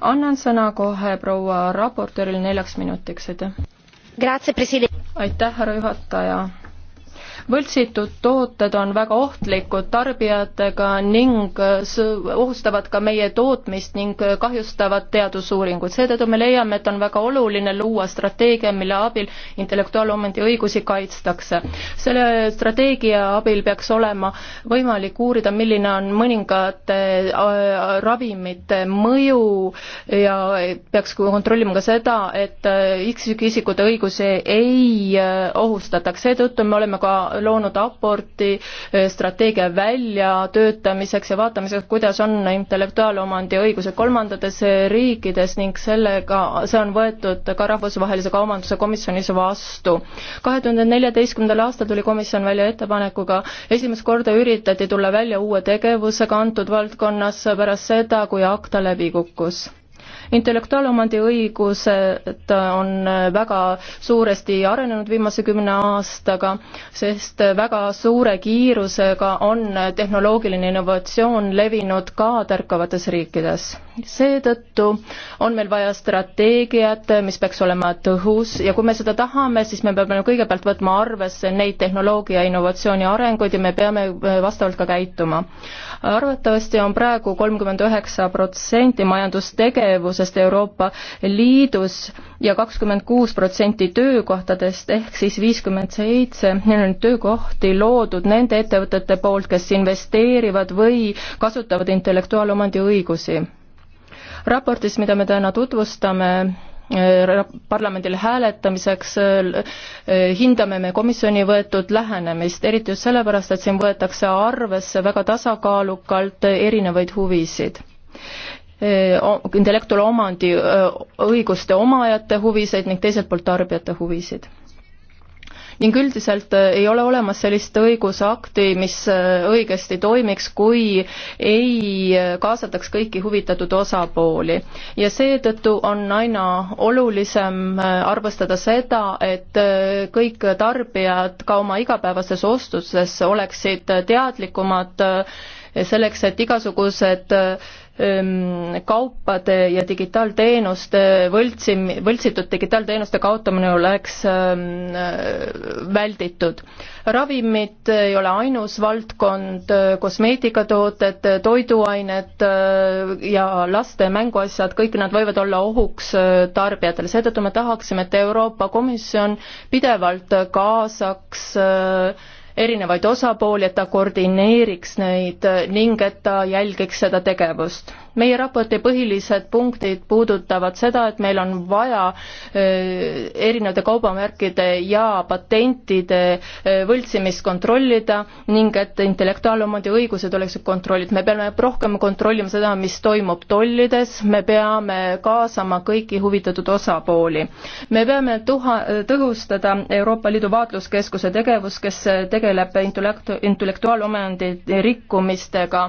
annan sõna kohe proua raportööril neljaks minutiks, aitäh. aitäh, härra juhataja võltsitud tooted on väga ohtlikud tarbijatega ning äh, ohustavad ka meie tootmist ning äh, kahjustavad teadusuuringuid. seetõttu me leiame, et on väga oluline luua strateegia, mille abil intellektuaalomandi õigusi kaitstakse. selle strateegia abil peaks olema võimalik uurida, milline on mõningate äh, ravimite mõju ja peaks kontrollima ka seda, et üksikisikute õigusi ei ohustataks, seetõttu me oleme ka loonud aporti eh, strateegia väljatöötamiseks ja vaatamiseks, kuidas on intellektuaalomandi õigused kolmandates eh, riikides ning sellega, see on võetud ka Rahvusvahelise Kaubanduse Komisjonis vastu. kahe tuhande neljateistkümnendal aastal tuli komisjon välja ettepanekuga, esimest korda üritati tulla välja uue tegevusega antud valdkonnas pärast seda, kui ACTA läbi kukkus intellektuaalomandi õigused on väga suuresti arenenud viimase kümne aastaga, sest väga suure kiirusega on tehnoloogiline innovatsioon levinud ka tärkavates riikides seetõttu on meil vaja strateegiat, mis peaks olema tõhus ja kui me seda tahame, siis me peame kõigepealt võtma arvesse neid tehnoloogia innovatsiooni arenguid ja me peame äh, vastavalt ka käituma. arvatavasti on praegu kolmkümmend üheksa protsenti majandustegevusest Euroopa Liidus ja kakskümmend kuus protsenti töökohtadest ehk siis viiskümmend seitse töökohti loodud nende ettevõtete poolt, kes investeerivad või kasutavad intellektuaalomandi õigusi raportis, mida me täna tutvustame, eh, parlamendil hääletamiseks eh, hindame me komisjoni võetud lähenemist, eriti just sellepärast, et siin võetakse arvesse väga tasakaalukalt erinevaid huvisid eh, intellektuaalomandi õiguste omajate huvisid ning teiselt poolt tarbijate huvisid ning üldiselt äh, ei ole olemas sellist õigusakti, mis äh, õigesti toimiks, kui ei äh, kaasataks kõiki huvitatud osapooli. ja seetõttu on aina olulisem arvestada seda, et kõik tarbijad ka oma igapäevases ostustes oleksid teadlikumad selleks, et igasugused kaupade ja digitaalteenuste võltsim-, võltsitud digitaalteenuste kaotamine oleks välditud. ravimid ei ole ainus valdkond, kosmeetikatooted, toiduained ja laste mänguasjad, kõik nad võivad olla ohuks tarbijatele, seetõttu me tahaksime, et Euroopa Komisjon pidevalt kaasaks erinevaid osapooli, et ta koordineeriks neid ning et ta jälgiks seda tegevust. meie raporti põhilised punktid puudutavad seda, et meil on vaja erinevate kaubamärkide ja patentide võltsimist kontrollida ning et intellektuaalomandi õigused oleksid kontrollitud. me peame rohkem kontrollima seda, mis toimub tollides, me peame kaasama kõiki huvitatud osapooli. me peame tuha, tõhustada Euroopa Liidu vaatluskeskuse tegevust, kes tegeleb tegeleb intellekt, intellektuaalomandi rikkumistega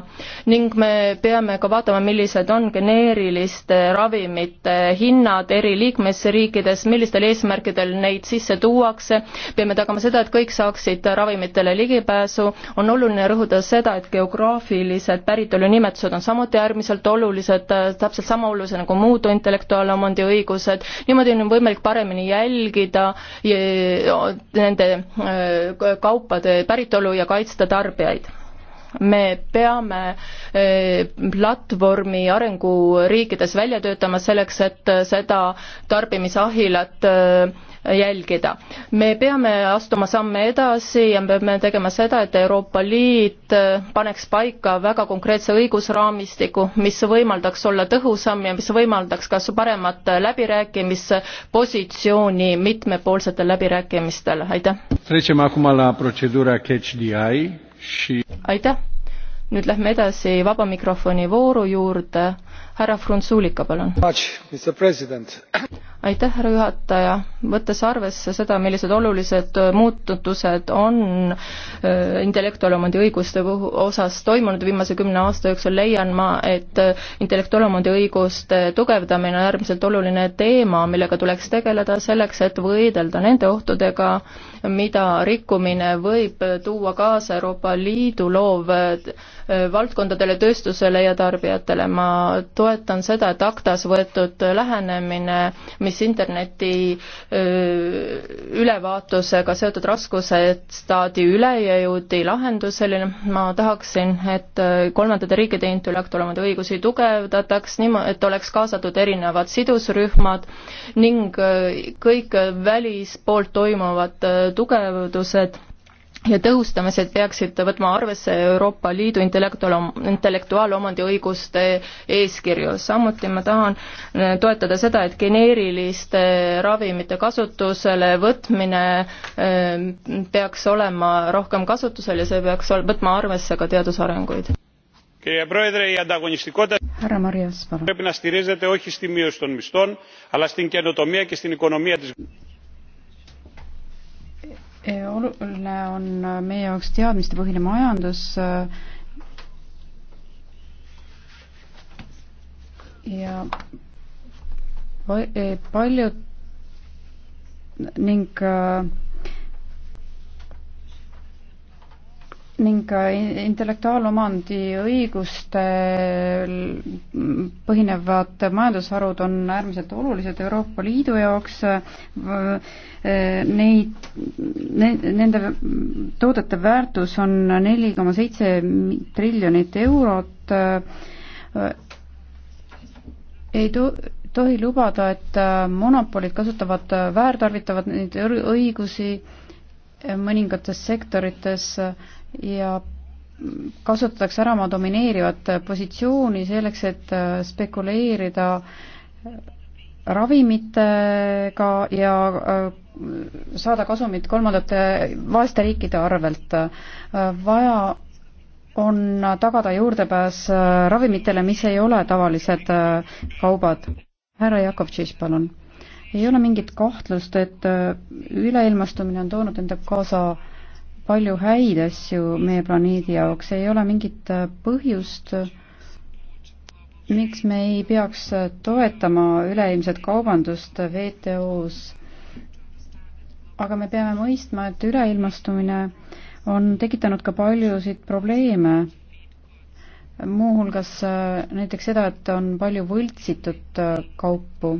ning me peame ka vaatama, millised on geneeriliste ravimite hinnad eri liikmesriikides, millistel eesmärkidel neid sisse tuuakse, peame tagama seda, et kõik saaksid ravimitele ligipääsu, on oluline rõhuda seda, et geograafilised päritolunimetused on samuti äärmiselt olulised, täpselt sama olulised nagu muud intellektuaalomandi õigused, niimoodi on võimalik paremini jälgida nende äh, kaupade päritolu ja kaitsta tarbijaid me peame eh, platvormi arenguriikides välja töötama selleks, et eh, seda tarbimisahilat eh, jälgida. me peame astuma samme edasi ja me peame tegema seda, et Euroopa Liit paneks paika väga konkreetse õigusraamistiku, mis võimaldaks olla tõhusam ja mis võimaldaks kas paremat läbirääkimispositsiooni mitmepoolsetel läbirääkimistel, aitäh aitäh! nüüd lähme edasi vaba mikrofoni vooru juurde härra Frunzulika, palun. aitäh, härra juhataja, võttes arvesse seda, millised olulised äh, muutused on äh, intellektuaalomandi õiguste osas toimunud viimase kümne aasta jooksul, leian ma, et äh, intellektuaalomandi õiguste tugevdamine on äärmiselt oluline teema, millega tuleks tegeleda selleks, et võidelda nende ohtudega, mida rikkumine võib tuua kaasa Euroopa Liidu loov valdkondadele, tööstusele ja tarbijatele. ma toetan toetan seda, et aktas võetud lähenemine, mis interneti ülevaatusega seotud raskused staadi üle ja jõudi lahenduseni, ma tahaksin, et kolmandate riikide intellektuaalomade õigusi tugevdataks niimoodi, et oleks kaasatud erinevad sidusrühmad ning kõik välispoolt toimuvad tugevdused ja tõhustamised peaksid võtma arvesse Euroopa Liidu intellektuaal-, intellektuaalomandi õiguste eeskirju. samuti ma tahan äh, toetada seda, et geneeriliste äh, ravimite kasutusele võtmine äh, peaks olema rohkem kasutusel ja see peaks ol-, võtma arvesse ka teadusarenguid. härra Marjas, palun oluline on meie jaoks teadmistepõhine majandus ja eh, paljud ning äh, ning intellektuaalomandi õigustel põhinevad majandusharud on äärmiselt olulised Euroopa Liidu jaoks. Neid ne,, nende toodete väärtus on neli koma seitse triljonit eurot. ei to-, tohi lubada, et monopolid kasutavad, väärtarvitavad neid õigusi mõningates sektorites äh, ja kasutatakse ära oma domineerivat positsiooni selleks, et äh, spekuleerida äh, ravimitega ja äh, saada kasumit kolmandate vaeste riikide arvelt. vaja on tagada juurdepääs ravimitele, mis ei ole tavalised kaubad. härra Jakovtšiš, palun. ei ole mingit kahtlust, et üleilmastumine on toonud enda kaasa palju häid asju meie planeedi jaoks, ei ole mingit äh, põhjust, miks me ei peaks äh, toetama üleilmset kaubandust äh, WTO-s. aga me peame mõistma, et üleilmastumine on tekitanud ka paljusid probleeme muuhulgas näiteks seda, et on palju võltsitud kaupu.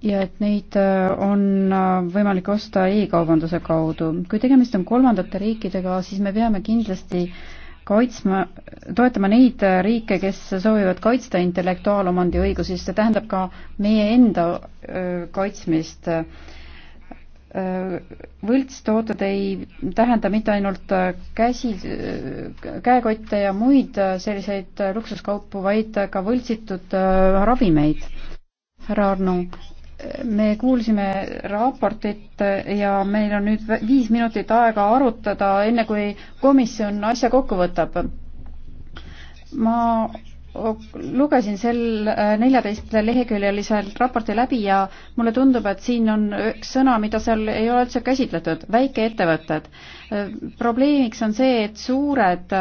ja et neid äh, on äh, võimalik osta e-kaubanduse kaudu. kui tegemist on kolmandate riikidega, siis me peame kindlasti kaitsma, toetama neid äh, riike, kes soovivad kaitsta intellektuaalomandi õigusi, see tähendab ka meie enda kaitsmist. võltstooted ei tähenda mitte ainult käsi, käekotte ja muid selliseid luksuskaupu, vaid ka võltsitud ravimeid härra Arno, me kuulsime raportit ja meil on nüüd viis minutit aega arutada, enne kui komisjon asja kokku võtab. ma lugesin sel äh, neljateistleheküljeliselt raporti läbi ja mulle tundub, et siin on üks sõna, mida seal ei ole üldse käsitletud, väikeettevõtted. Äh, probleemiks on see, et suured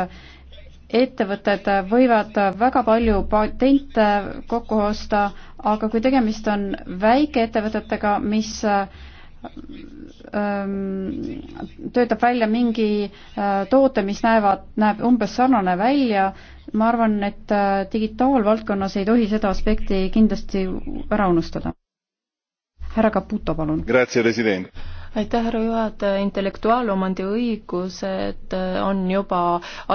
ettevõtted võivad väga palju patente kokku osta, aga kui tegemist on väikeettevõtetega, mis äh, ähm, töötab välja mingi äh, toote, mis näevad, näeb umbes sarnane välja, ma arvan, et äh, digitaalvaldkonnas ei tohi seda aspekti kindlasti ära unustada. härra Caputo, palun aitäh, härra juhataja, intellektuaalomandi õigused on juba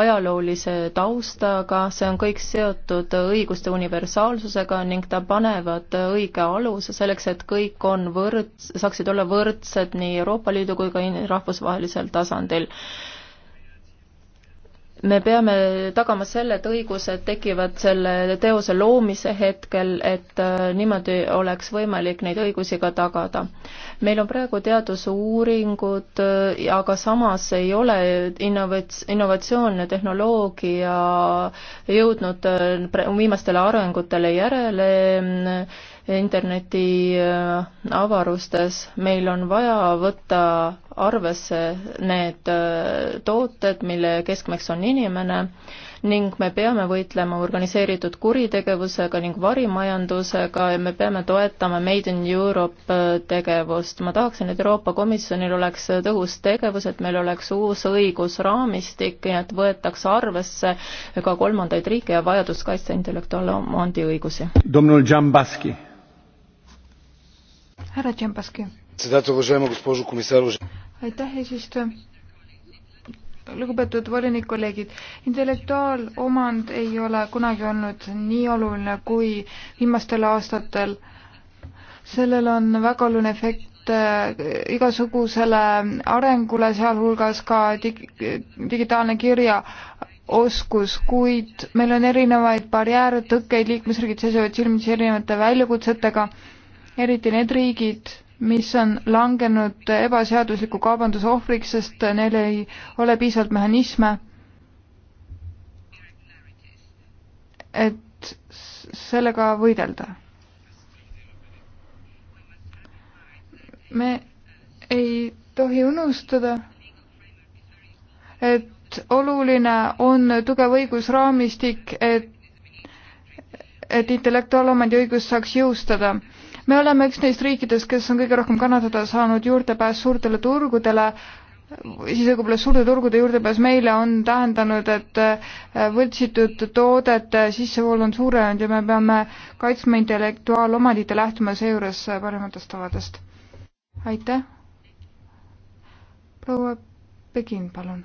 ajaloolise taustaga, see on kõik seotud õiguste universaalsusega ning ta panevad õige aluse selleks, et kõik on võrd-, saaksid olla võrdsed nii Euroopa Liidu kui ka rahvusvahelisel tasandil me peame tagama selle, et õigused tekivad selle teose loomise hetkel, et äh, niimoodi oleks võimalik neid õigusi ka tagada. meil on praegu teadusuuringud, äh, aga samas ei ole innovats-, innovatsioon ja tehnoloogia jõudnud äh, viimastele arengutele järele mm, interneti äh, avarustes. meil on vaja võtta arvesse need äh, tooted, mille keskmeks on inimene ning me peame võitlema organiseeritud kuritegevusega ning varimajandusega ja me peame toetama Made in Europe äh, tegevust. ma tahaksin, et Euroopa Komisjonil oleks tõhus tegevus, et meil oleks uus õigusraamistik ja et võetakse arvesse ka kolmandaid riike ja vajadust kaitsta intellektuaalomandi õigusi. Domnul Džambaski härra Tšempaski. aitäh, eesistuja lugupeetud volinik, kolleegid, intellektuaalomand ei ole kunagi olnud nii oluline kui viimastel aastatel. sellel on väga oluline efekt äh, igasugusele arengule, sealhulgas ka dig-, digitaalne kirjaoskus, kuid meil on erinevaid barjääre, tõkkeid, liikmesriigid seisavad silmitsi erinevate väljakutsetega eriti need riigid, mis on langenud ebaseadusliku kaubanduse ohvriks, sest neil ei ole piisavalt mehhanisme, et sellega võidelda. me ei tohi unustada, et oluline on tugev õigusraamistik, et et intellektuaalomandi õigus saaks jõustada me oleme üks neist riikidest, kes on kõige rohkem kannatada saanud juurdepääs suurtele turgudele, siis võib-olla suurte turgude juurdepääs meile on tähendanud, et äh, võltsitud toodete sissevool on suurenenud ja me peame kaitsma intellektuaalomandit ja lähtuma seejuures parimatest tavadest. aitäh. proua Pekin, palun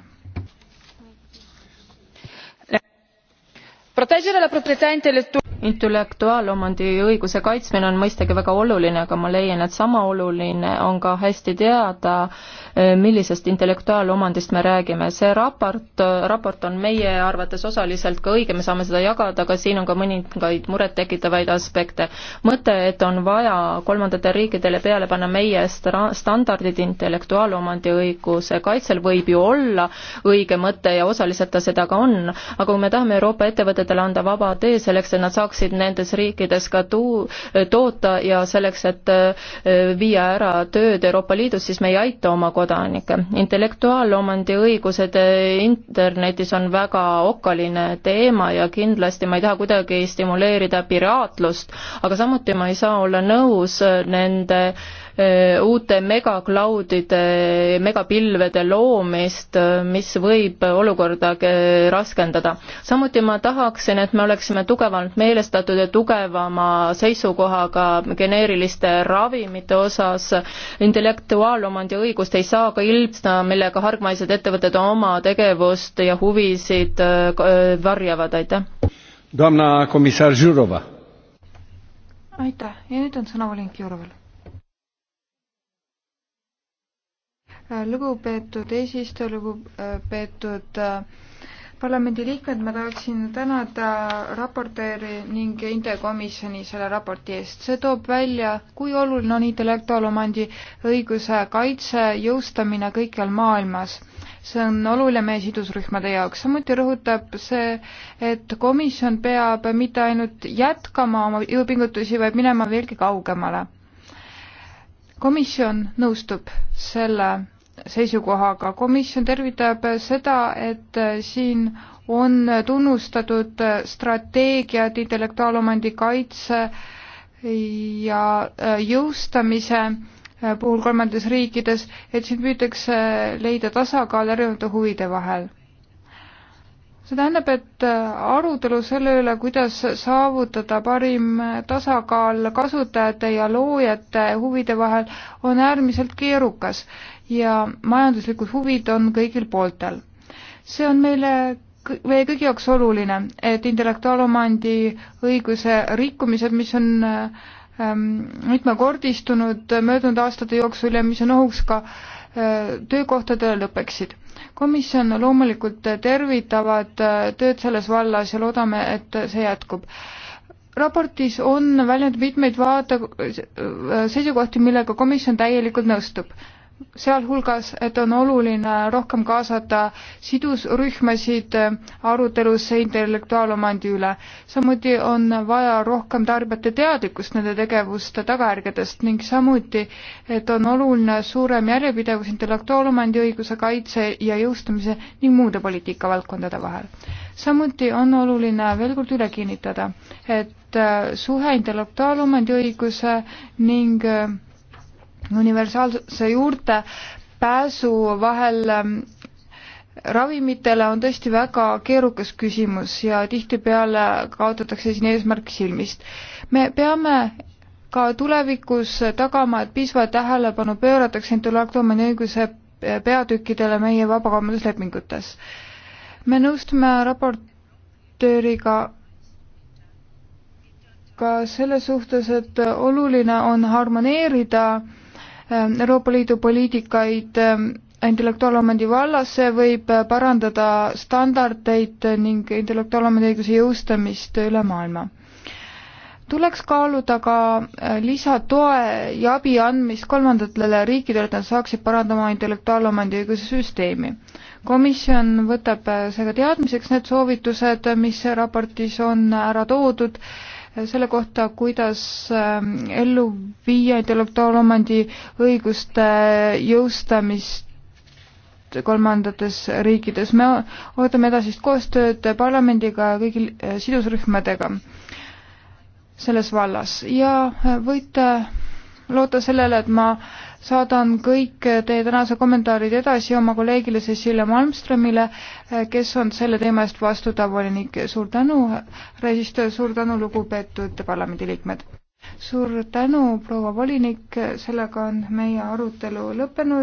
proteggere la proprietà intellettuale intellektuaalomandi õiguse kaitsmine on mõistagi väga oluline, aga ma leian, et sama oluline on ka hästi teada Äh, millisest intellektuaalomandist me räägime. see raport, äh, raport on meie arvates osaliselt ka õige, me saame seda jagada, aga siin on ka mõningaid murettekitavaid aspekte. mõte, et on vaja kolmandatele riikidele peale panna meie standardid intellektuaalomandi õiguse kaitsel, võib ju olla õige mõte ja osaliselt ta seda ka on, aga kui me tahame Euroopa ettevõtetele anda vaba tee selleks, et nad saaksid nendes riikides ka tuu-, toota ja selleks, et äh, viia ära tööd Euroopa Liidus, siis me ei aita oma kodanikke. intellektuaalomandi õigused eh, internetis on väga okkaline teema ja kindlasti ma ei taha kuidagi stimuleerida piraatlust, aga samuti ma ei saa olla nõus eh, nende eh, uute megaklaudide, megapilvede loomist, mis võib olukorda raskendada. samuti ma tahaksin, et me oleksime tugevamalt meelestatud ja tugevama seisukohaga geneeriliste ravimite osas. intellektuaalomandi õigust ei saa ka ilmstada, millega hargmaised ettevõtted oma tegevust ja huvisid äh, varjavad, aitäh. Damna komissar Žurova. aitäh ja nüüd on sõna volinik Juroval. Äh, lugupeetud eesistuja, lugupeetud äh, parlamendiliikmed, ma tahaksin tänada raportööri ning Intekomisjoni selle raporti eest. see toob välja, kui oluline on intellektuaalomandi õiguse kaitse jõustamine kõikjal maailmas. see on oluline meie sidusrühmade jaoks, samuti rõhutab see, et komisjon peab mitte ainult jätkama oma jõupingutusi, vaid minema veelgi kaugemale. komisjon nõustub selle seisukohaga. komisjon tervitab seda, et siin on tunnustatud strateegiad intellektuaalomandi kaitse ja jõustamise puhul kolmandates riikides, et siin püütakse leida tasakaal erinevate huvide vahel see tähendab, et äh, arutelu selle üle, kuidas saavutada parim äh, tasakaal kasutajate ja loojate huvide vahel, on äärmiselt keerukas ja majanduslikud huvid on kõigil pooltel. see on meile, meie kõigi jaoks oluline, et intellektuaalomandi õiguse rikkumised, mis on äh, ähm, mitmekordistunud möödunud aastate jooksul ja mis on ohuks ka äh, Äh, töökohtadele lõpeksid. komisjon loomulikult tervitavad äh, tööd selles vallas ja loodame, et see jätkub raportis on väljendatud mitmeid vaate, seisukohti, millega komisjon täielikult nõustub sealhulgas, et on oluline rohkem kaasata sidusrühmasid arutelusse intellektuaalomandi üle. samuti on vaja rohkem tarbijate teadlikkust nende tegevuste tagajärgedest ning samuti, et on oluline suurem järjepidevus intellektuaalomandi õiguse kaitse ja jõustamise ning muude poliitikavaldkondade vahel. samuti on oluline veel kord üle kinnitada, et suhe intellektuaalomandi õiguse ning universaalse juurde pääsu vahel ähm, ravimitele on tõesti väga keerukas küsimus ja tihtipeale kaotatakse siin eesmärk silmist. me peame ka tulevikus tagama, et piisavalt tähelepanu pööratakse intellektuaalne õiguse peatükkidele meie vabakaubanduslepingutes. me nõustume raportööriga ka selles suhtes, et oluline on harmoneerida Ähm, Euroopa Liidu poliitikaid ähm, intellektuaalomandi vallas, see võib äh, parandada standardeid ning intellektuaalomandi õiguse jõustamist üle maailma. tuleks kaaluda ka äh, lisatoe ja abi andmist kolmandatele riikidele, et nad saaksid parandama intellektuaalomandi õiguse süsteemi. komisjon võtab äh, seega teadmiseks need soovitused, mis raportis on ära toodud selle kohta, kuidas ähm, ellu viia intellektuaalomandi õiguste jõustamist kolmandates riikides. me ootame edasist koostööd parlamendiga ja kõigi äh, sidusrühmadega selles vallas ja võite loota sellele, et ma saadan kõik teie tänase kommentaarid edasi oma kolleegile Cecilia Malmströmile, kes on selle teema eest vastutav volinik. suur tänu, härra eesistuja, suur tänu, lugupeetud parlamendiliikmed! suur tänu, proua volinik, sellega on meie arutelu lõppenud.